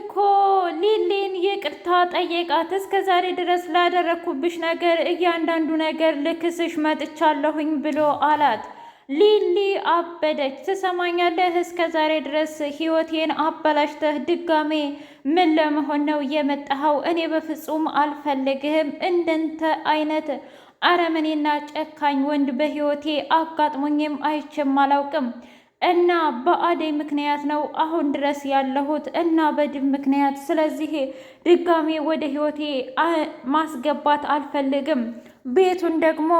እኮ ሊሊን ይቅርታ ጠየቃት። እስከ ዛሬ ድረስ ላደረግኩብሽ ነገር እያንዳንዱ ነገር ልክስሽ መጥቻለሁኝ ብሎ አላት። ሊሊ አበደች። ትሰማኛለህ? እስከ ዛሬ ድረስ ህይወቴን አበላሽተህ ድጋሜ ምን ለመሆን ነው የመጣኸው? እኔ በፍጹም አልፈልግህም። እንደንተ አይነት አረመኔና ጨካኝ ወንድ በህይወቴ አጋጥሞኝም አይቼም አላውቅም። እና በአደይ ምክንያት ነው አሁን ድረስ ያለሁት እና በድብ ምክንያት። ስለዚህ ድጋሜ ወደ ህይወቴ ማስገባት አልፈልግም። ቤቱን ደግሞ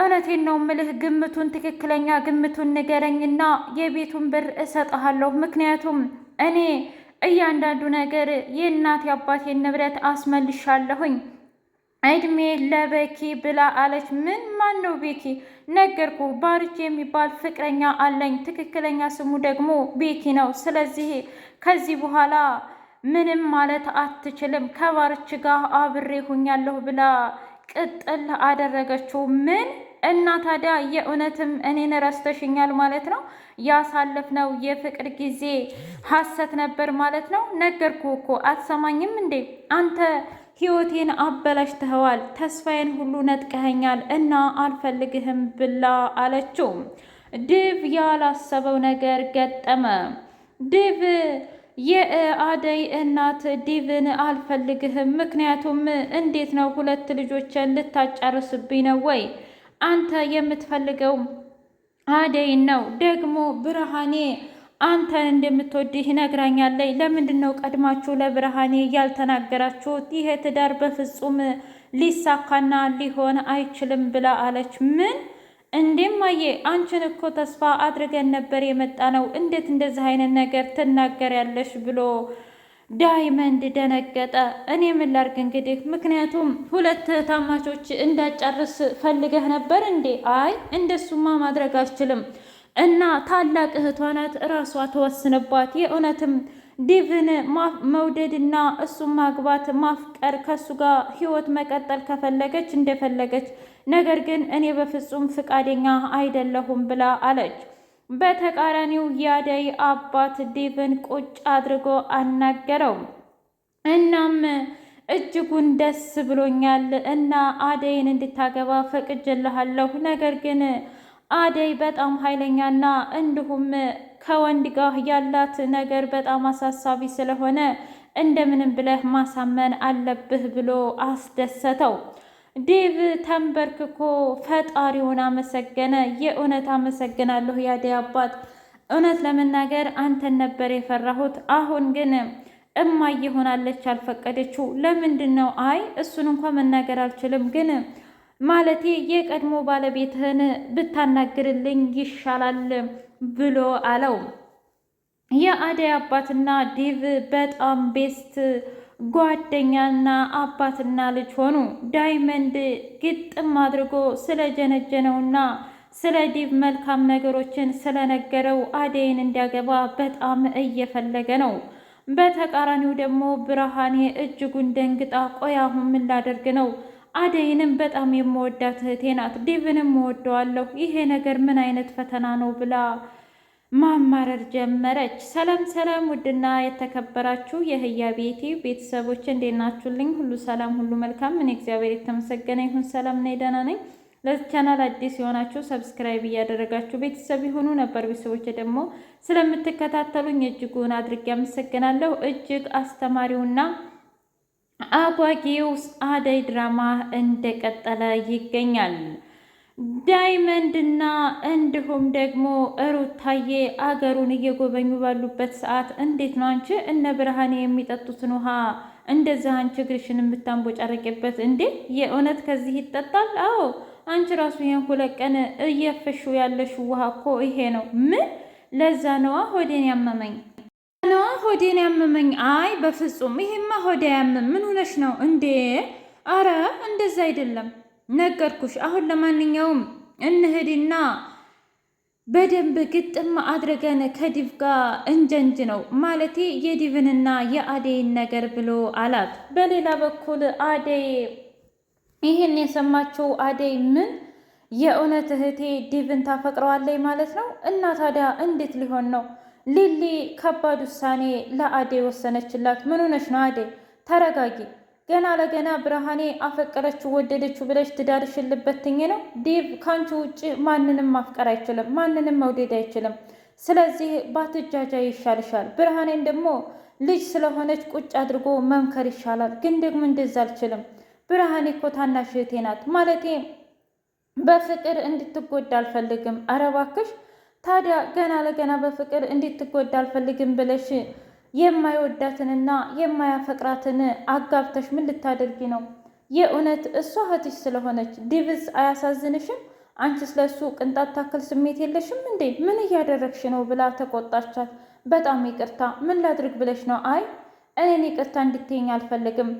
እውነቴን ነው ምልህ፣ ግምቱን ትክክለኛ ግምቱን ንገረኝና የቤቱን ብር እሰጥሃለሁ። ምክንያቱም እኔ እያንዳንዱ ነገር የእናቴ አባቴን ንብረት አስመልሻለሁኝ። እድሜ ለበኪ ብላ አለች። ምን ማን ነው ቤኪ? ነገርኩ ባርች የሚባል ፍቅረኛ አለኝ። ትክክለኛ ስሙ ደግሞ ቤኪ ነው። ስለዚህ ከዚህ በኋላ ምንም ማለት አትችልም። ከባርች ጋር አብሬ ሁኛለሁ ብላ ቅጥል አደረገችው። ምን እና ታዲያ የእውነትም እኔን ረስተሽኛል ማለት ነው? ያሳለፍነው የፍቅር ጊዜ ሀሰት ነበር ማለት ነው? ነገርኩ እኮ አትሰማኝም እንዴ አንተ ህይወቴን አበላሽተኸዋል፣ ተስፋዬን ሁሉ ነጥቀኸኛል እና አልፈልግህም ብላ አለችው። ድብ ያላሰበው ነገር ገጠመ። ድብ የአደይ እናት ዲቭን አልፈልግህም፣ ምክንያቱም እንዴት ነው ሁለት ልጆችን ልታጫርስብኝ ነው ወይ? አንተ የምትፈልገው አደይን ነው ደግሞ ብርሃኔ አንተን እንደምትወድህ ይነግራኛለኝ። ለምንድን ነው ቀድማችሁ ለብርሃኔ ያልተናገራችሁት? ይሄ ትዳር በፍጹም ሊሳካና ሊሆን አይችልም ብላ አለች። ምን እንደማየ አንቺን እኮ ተስፋ አድርገን ነበር የመጣ ነው። እንዴት እንደዚህ አይነት ነገር ትናገሪያለሽ? ብሎ ዳይመንድ ደነገጠ። እኔ ምን ላርግ እንግዲህ፣ ምክንያቱም ሁለት ታማቾች እንዳጨርስ ፈልገህ ነበር እንዴ? አይ እንደሱማ ማድረግ አልችልም እና ታላቅ እህቷ ናት እራሷ ተወስንባት። የእውነትም ዲቭን መውደድና እሱን ማግባት ማፍቀር፣ ከሱ ጋር ህይወት መቀጠል ከፈለገች እንደፈለገች፣ ነገር ግን እኔ በፍጹም ፍቃደኛ አይደለሁም ብላ አለች። በተቃራኒው ያደይ አባት ዲቭን ቁጭ አድርጎ አናገረው። እናም እጅጉን ደስ ብሎኛል እና አደይን እንድታገባ ፈቅጄልሃለሁ ነገር ግን አደይ በጣም ኃይለኛና እንዲሁም ከወንድ ጋር ያላት ነገር በጣም አሳሳቢ ስለሆነ እንደምንም ብለህ ማሳመን አለብህ ብሎ አስደሰተው። ዴቭ ተንበርክኮ ፈጣሪውን አመሰገነ። የእውነት አመሰግናለሁ የአደይ አባት፣ እውነት ለመናገር አንተን ነበር የፈራሁት። አሁን ግን እማዬ ሆናለች አልፈቀደችው። ለምንድን ነው? አይ እሱን እንኳ መናገር አልችልም ግን ማለቴ የቀድሞ ባለቤትህን ብታናግርልኝ ይሻላል ብሎ አለው። የአደይ አባትና ዲቭ በጣም ቤስት ጓደኛና አባትና ልጅ ሆኑ። ዳይመንድ ግጥም አድርጎ ስለ ጀነጀነውና ስለ ዲቭ መልካም ነገሮችን ስለነገረው አደይን እንዲያገባ በጣም እየፈለገ ነው። በተቃራኒው ደግሞ ብርሃኔ እጅጉን ደንግጣ ቆይ አሁን ምን ላደርግ ነው አደይንም በጣም የምወዳት እህቴ ናት፣ ዴቭንም እወደዋለሁ፣ ይሄ ነገር ምን አይነት ፈተና ነው ብላ ማማረር ጀመረች። ሰላም ሰላም! ውድና የተከበራችሁ የህያ ቤቴ ቤተሰቦች እንዴት ናችሁልኝ? ሁሉ ሰላም፣ ሁሉ መልካም። እኔ እግዚአብሔር የተመሰገነ ይሁን ሰላም ነኝ፣ ደህና ነኝ። ለዚህ ቻናል አዲስ የሆናችሁ ሰብስክራይብ እያደረጋችሁ ቤተሰብ የሆኑ ነበር ቤተሰቦች ደግሞ ስለምትከታተሉኝ እጅጉን አድርጌ አመሰግናለሁ። እጅግ አስተማሪውና አጓጊው አደይ ድራማ እንደቀጠለ ይገኛል። ዳይመንድና እንዲሁም ደግሞ ሩታዬ አገሩን እየጎበኙ ባሉበት ሰዓት እንዴት ነው አንቺ እነ ብርሃኔ የሚጠጡትን ውሃ እንደዚህ አንቺ እግርሽን የምታንቦጫረቂበት እንዴ? የእውነት ከዚህ ይጠጣል? አዎ አንቺ ራሱ ይህን ሁለት ቀን እየፈሹ ያለሽ ውሃ እኮ ይሄ ነው። ምን ለዛ ነዋ ሆዴን ያመመኝ ነው ሆዴን ያመመኝ። አይ በፍጹም ይሄማ ሆዴ ያመም። ምን ሆነሽ ነው እንዴ? አረ እንደዛ አይደለም ነገርኩሽ። አሁን ለማንኛውም እንሂድና በደንብ ግጥም አድርገን ከዲቭ ጋር እንጀንጅ ነው ማለቴ የዲቭንና የአደይን ነገር ብሎ አላት። በሌላ በኩል አዴይ ይህን የሰማችው አደይ ምን የእውነት እህቴ ዲቭን ታፈቅረዋለይ ማለት ነው? እና ታዲያ እንዴት ሊሆን ነው ሊሊ ከባድ ውሳኔ ለአዴ ወሰነችላት። ምን ሆነሽ ነው አዴ? ተረጋጊ። ገና ለገና ብርሃኔ አፈቀረችው ወደደችው ብለሽ ትዳርሽን ልበትኝ ነው? ዴቭ ከአንቺ ውጭ ማንንም ማፍቀር አይችልም፣ ማንንም መውደድ አይችልም። ስለዚህ ባትጃጃ ይሻልሻል። ብርሃኔን ደግሞ ልጅ ስለሆነች ቁጭ አድርጎ መምከር ይሻላል። ግን ደግሞ እንደዛ አልችልም። ብርሃኔ እኮ ታናሽ እህቴ ናት። ማለቴ በፍቅር እንድትጎዳ አልፈልግም። አረ እባክሽ ታዲያ ገና ለገና በፍቅር እንዴት ትጎዳ አልፈልግም ብለሽ የማይወዳትንና የማያፈቅራትን አጋብተሽ ምን ልታደርጊ ነው? የእውነት እሷ እህትሽ ስለሆነች ዲቭስ አያሳዝንሽም? አንቺስ ስለሱ ቅንጣት ታክል ስሜት የለሽም እንዴ? ምን እያደረግሽ ነው? ብላ ተቆጣቻት። በጣም ይቅርታ፣ ምን ላድርግ ብለሽ ነው? አይ እኔን ይቅርታ እንድትይኝ አልፈልግም።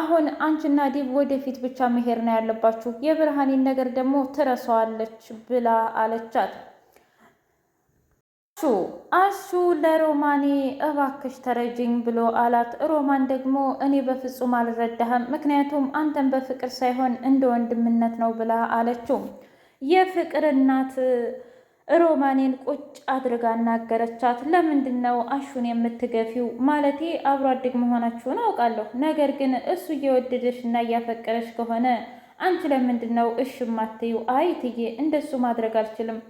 አሁን አንቺና ዲቭ ወደፊት ብቻ መሄድ ነው ያለባችሁ። የብርሃኔን ነገር ደግሞ ትረሰዋለች ብላ አለቻት። አሹ ለሮማኔ እባክሽ ተረጅኝ ብሎ አላት። ሮማን ደግሞ እኔ በፍጹም አልረዳህም፣ ምክንያቱም አንተን በፍቅር ሳይሆን እንደ ወንድምነት ነው ብላ አለችው። የፍቅር እናት ሮማኔን ቁጭ አድርጋ አናገረቻት። ለምንድን ነው አሹን የምትገፊው? ማለቴ አብሮ አደግ መሆናችሁን አውቃለሁ፣ ነገር ግን እሱ እየወደደሽ እና እያፈቀረሽ ከሆነ አንቺ ለምንድን ነው እሽ ማትዩ? አይ ትዬ እንደሱ ማድረግ አልችልም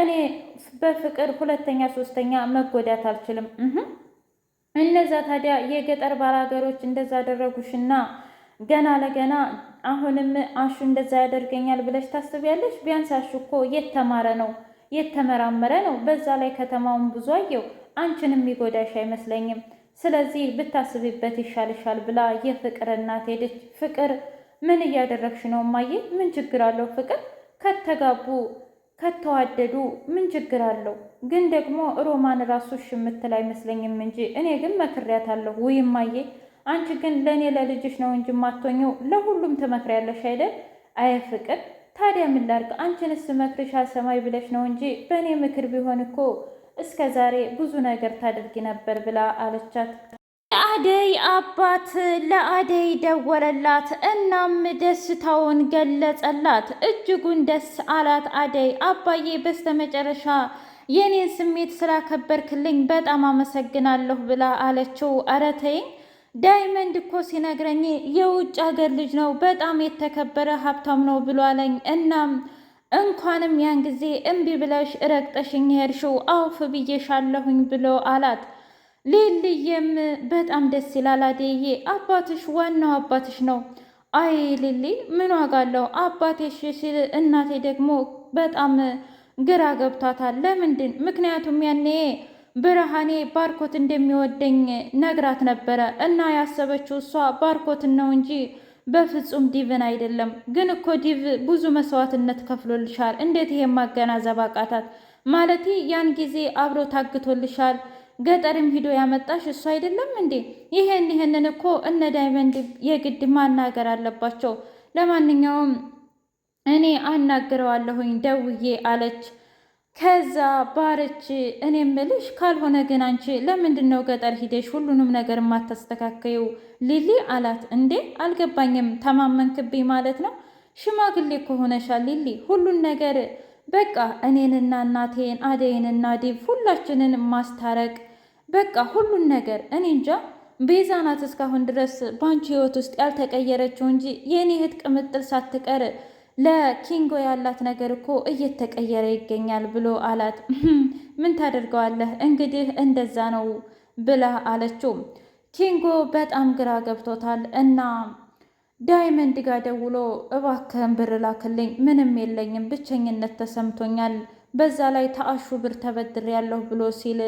እኔ በፍቅር ሁለተኛ ሶስተኛ መጎዳት አልችልም። እነዛ ታዲያ የገጠር ባላገሮች እንደዛ አደረጉሽና ገና ለገና አሁንም አሹ እንደዛ ያደርገኛል ብለሽ ታስቢያለሽ? ቢያንስ አሹ እኮ የተማረ ነው የተመራመረ ነው። በዛ ላይ ከተማውን ብዙ አየው። አንቺንም ይጎዳሽ አይመስለኝም። ስለዚህ ብታስብበት ይሻልሻል ብላ የፍቅር እናት ሄደች። ፍቅር ምን እያደረግሽ ነው እማዬ? ምን ችግር አለው? ፍቅር ከተጋቡ ከተዋደዱ ምን ችግር አለው? ግን ደግሞ ሮማን ራሱ እሺ የምትል አይመስለኝም እንጂ እኔ ግን መክሬያታለሁ። ውይ እማዬ፣ አንቺ ግን ለእኔ ለልጅሽ ነው እንጂ የማትሆኚው ለሁሉም ትመክሪያለሽ አይደል? አየ ፍቅር፣ ታዲያ ምን ላድርግ? አንቺንስ መክርሽ ሰማይ ብለሽ ነው እንጂ በእኔ ምክር ቢሆን እኮ እስከ ዛሬ ብዙ ነገር ታደርጊ ነበር ብላ አለቻት። የአደይ አባት ለአደይ ደወለላት። እናም ደስታውን ገለጸላት። እጅጉን ደስ አላት አደይ። አባዬ በስተመጨረሻ የኔን ስሜት ስላከበርክልኝ በጣም አመሰግናለሁ ብላ አለችው። ኧረ ተይኝ ዳይመንድ እኮ ሲነግረኝ የውጭ ሀገር ልጅ ነው፣ በጣም የተከበረ ሀብታም ነው ብሎ አለኝ እናም እንኳንም ያን ጊዜ እምቢ ብለሽ ረግጠሽኝ ሄድሽው አውፍ ብዬሻለሁኝ ብሎ አላት። ሊልዬም በጣም ደስ ይላል አደዬ፣ አባትሽ ዋናው አባትሽ ነው። አይ ሊሊ ምን ዋጋ አለው አባቴሽ ሲል እናቴ ደግሞ በጣም ግራ ገብቷታል። ለምንድን? ምክንያቱም ያኔ ብርሃኔ ባርኮት እንደሚወደኝ ነግራት ነበረ እና ያሰበችው እሷ ባርኮትን ነው እንጂ በፍጹም ዲቭን አይደለም። ግን እኮ ዲቭ ብዙ መስዋዕትነት ከፍሎልሻል። እንዴት ይሄ ማገናዘብ አቃታት? ማለቴ ያን ጊዜ አብሮ ታግቶልሻል ገጠርም ሂዶ ያመጣሽ እሱ አይደለም እንዴ? ይሄን ይሄንን እኮ እነ ዳይመንድ የግድ ማናገር አለባቸው። ለማንኛውም እኔ አናግረዋለሁኝ ደውዬ አለች። ከዛ ባረች እኔ ምልሽ ካልሆነ ግን አንቺ ለምንድን ነው ገጠር ሂደሽ ሁሉንም ነገር የማታስተካከይው? ሊሊ አላት። እንዴ አልገባኝም። ተማመንክብኝ ማለት ነው? ሽማግሌ ከሆነሻል ሊሊ፣ ሁሉን ነገር በቃ እኔንና እናቴን አደይንና ዲብ ሁላችንን ማስታረቅ በቃ ሁሉን ነገር እኔ እንጃ። ቤዛ ናት እስካሁን ድረስ በአንቺ ህይወት ውስጥ ያልተቀየረችው እንጂ የእኔ እህት ቅምጥል ሳትቀር ለኪንጎ ያላት ነገር እኮ እየተቀየረ ይገኛል ብሎ አላት። ምን ታደርገዋለህ እንግዲህ እንደዛ ነው ብላ አለችው። ኪንጎ በጣም ግራ ገብቶታል እና ዳይመንድ ጋር ደውሎ እባክህን ብር ላክልኝ፣ ምንም የለኝም፣ ብቸኝነት ተሰምቶኛል፣ በዛ ላይ ተአሹ ብር ተበድሬያለሁ ብሎ ሲል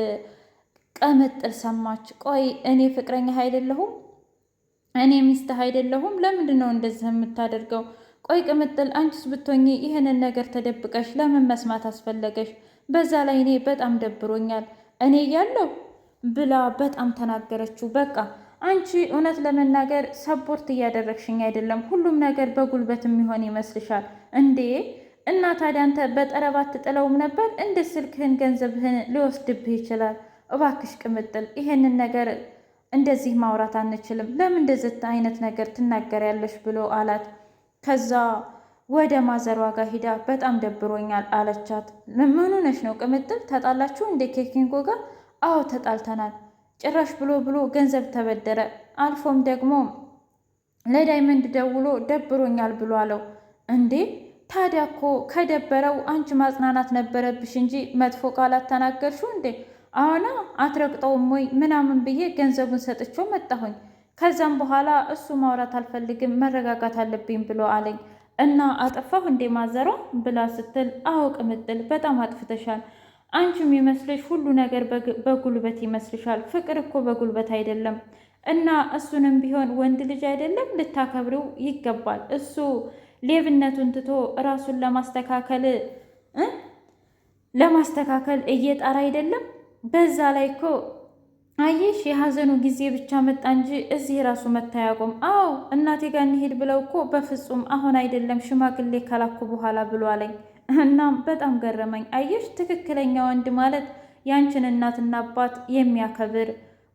ቅምጥል ሰማች። ቆይ እኔ ፍቅረኛ አይደለሁም እኔ ሚስትህ አይደለሁም? ለምንድን ነው እንደዚህ የምታደርገው? ቆይ ቅምጥል፣ አንቺስ ብትሆኚ ይህንን ነገር ተደብቀሽ ለምን መስማት አስፈለገሽ? በዛ ላይ እኔ በጣም ደብሮኛል እኔ እያለሁ ብላ በጣም ተናገረችው። በቃ አንቺ እውነት ለመናገር ሰፖርት እያደረግሽኝ አይደለም፣ ሁሉም ነገር በጉልበት የሚሆን ይመስልሻል እንዴ? እና ታዲያ አንተ በጠረባት ትጥለውም ነበር እንደ ስልክህን ገንዘብህን ሊወስድብህ ይችላል እባክሽ ቅምጥል ይሄንን ነገር እንደዚህ ማውራት አንችልም፣ ለምን እንደዚህ አይነት ነገር ትናገሪያለሽ ብሎ አላት። ከዛ ወደ ማዘሯ ጋር ሂዳ በጣም ደብሮኛል አለቻት። ምን ሆነሽ ነው ቅምጥል? ተጣላችሁ እንደ ኬኪንጎ ጋር? አዎ ተጣልተናል። ጭራሽ ብሎ ብሎ ገንዘብ ተበደረ፣ አልፎም ደግሞ ለዳይመንድ ደውሎ ደብሮኛል ብሎ አለው። እንዴ ታዲያ እኮ ከደበረው አንቺ ማጽናናት ነበረብሽ እንጂ መጥፎ ቃላት ተናገርሽው እንዴ? አሁና አትረግጠውም ወይ ምናምን ብዬ ገንዘቡን ሰጥቼው መጣሁኝ። ከዛም በኋላ እሱ ማውራት አልፈልግም መረጋጋት አለብኝ ብሎ አለኝ። እና አጠፋሁ እንዴ ማዘሯ ብላ ስትል አውቅ ምጥል በጣም አጥፍተሻል። አንቺ ይመስልሽ ሁሉ ነገር በጉልበት ይመስልሻል። ፍቅር እኮ በጉልበት አይደለም። እና እሱንም ቢሆን ወንድ ልጅ አይደለም ልታከብሪው ይገባል። እሱ ሌብነቱን ትቶ ራሱን ለማስተካከል ለማስተካከል እየጣር አይደለም በዛ ላይ እኮ አየሽ የሀዘኑ ጊዜ ብቻ መጣ እንጂ እዚህ ራሱ መታያቆም አዎ እናቴ ጋር እንሄድ ብለው እኮ በፍጹም አሁን አይደለም ሽማግሌ ካላኩ በኋላ ብሎ አለኝ። እናም በጣም ገረመኝ። አየሽ ትክክለኛ ወንድ ማለት ያንችን እናትና አባት የሚያከብር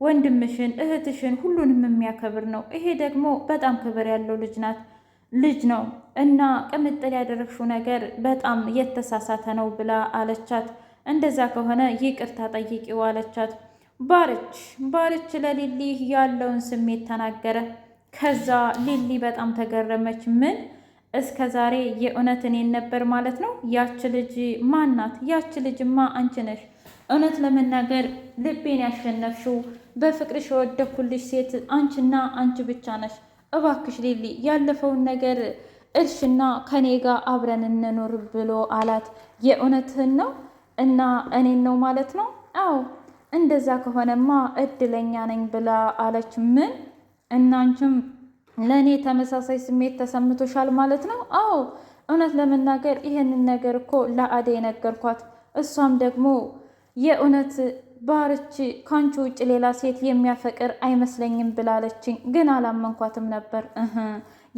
ወንድምሽን፣ እህትሽን ሁሉንም የሚያከብር ነው። ይሄ ደግሞ በጣም ክብር ያለው ልጅ ናት ልጅ ነው እና ቅምጥል ያደረግሽው ነገር በጣም የተሳሳተ ነው ብላ አለቻት። እንደዛ ከሆነ ይቅርታ ጠይቂው አለቻት። ባርች ባርች ለሊሊ ያለውን ስሜት ተናገረ። ከዛ ሊሊ በጣም ተገረመች። ምን እስከ ዛሬ የእውነት እኔን ነበር ማለት ነው? ያች ልጅ ማናት? ያች ልጅማ አንቺ ነሽ። እውነት ለመናገር ልቤን ያሸነፍሽው በፍቅርሽ የወደኩልሽ ሴት አንቺና አንቺ ብቻ ነሽ። እባክሽ ሊሊ ያለፈውን ነገር እርሽና ከኔ ጋር አብረን እንኖር ብሎ አላት። የእውነትህን ነው እና እኔን ነው ማለት ነው? አዎ እንደዛ ከሆነማ እድለኛ ነኝ ብላ አለች። ምን እናንችም ለእኔ ተመሳሳይ ስሜት ተሰምቶሻል ማለት ነው? አዎ እውነት ለመናገር ይህንን ነገር እኮ ለአዴ የነገርኳት፣ እሷም ደግሞ የእውነት ባርች ከአንቺ ውጭ ሌላ ሴት የሚያፈቅር አይመስለኝም ብላለችኝ። ግን አላመንኳትም ነበር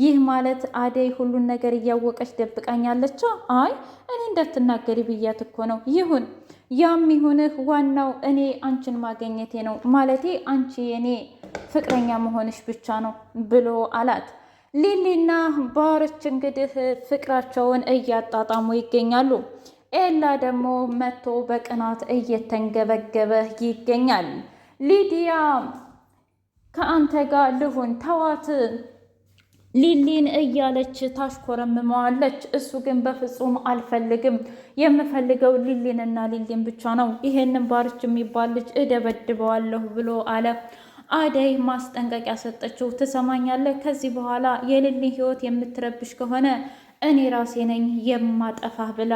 ይህ ማለት አደይ ሁሉን ነገር እያወቀች ደብቃኛለች። አይ እኔ እንዳትናገሪ ብያት እኮ ነው። ይሁን ያም ይሁንህ፣ ዋናው እኔ አንቺን ማገኘቴ ነው። ማለቴ አንቺ የኔ ፍቅረኛ መሆንሽ ብቻ ነው ብሎ አላት። ሊሊና ባርች እንግዲህ ፍቅራቸውን እያጣጣሙ ይገኛሉ። ኤላ ደግሞ መጥቶ በቅናት እየተንገበገበ ይገኛል። ሊዲያ ከአንተ ጋር ልሁን ተዋት ሊሊን እያለች ታሽኮረምመዋለች። እሱ ግን በፍጹም አልፈልግም፣ የምፈልገው ሊሊንና ሊሊን ብቻ ነው፣ ይሄንን ባርች የሚባል ልጅ እደበድበዋለሁ ብሎ አለ። አደይ ማስጠንቀቂያ ሰጠችው። ትሰማኛለህ? ከዚህ በኋላ የሊሊን ሕይወት የምትረብሽ ከሆነ እኔ ራሴ ነኝ የማጠፋህ ብላ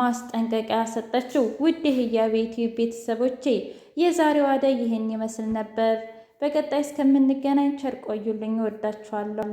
ማስጠንቀቂያ ሰጠችው። ውድ ህያ ቤት ቤተሰቦቼ የዛሬው አደይ ይህን ይመስል ነበር። በቀጣይ እስከምንገናኝ ቸር ቆዩልኝ። እወዳችኋለሁ።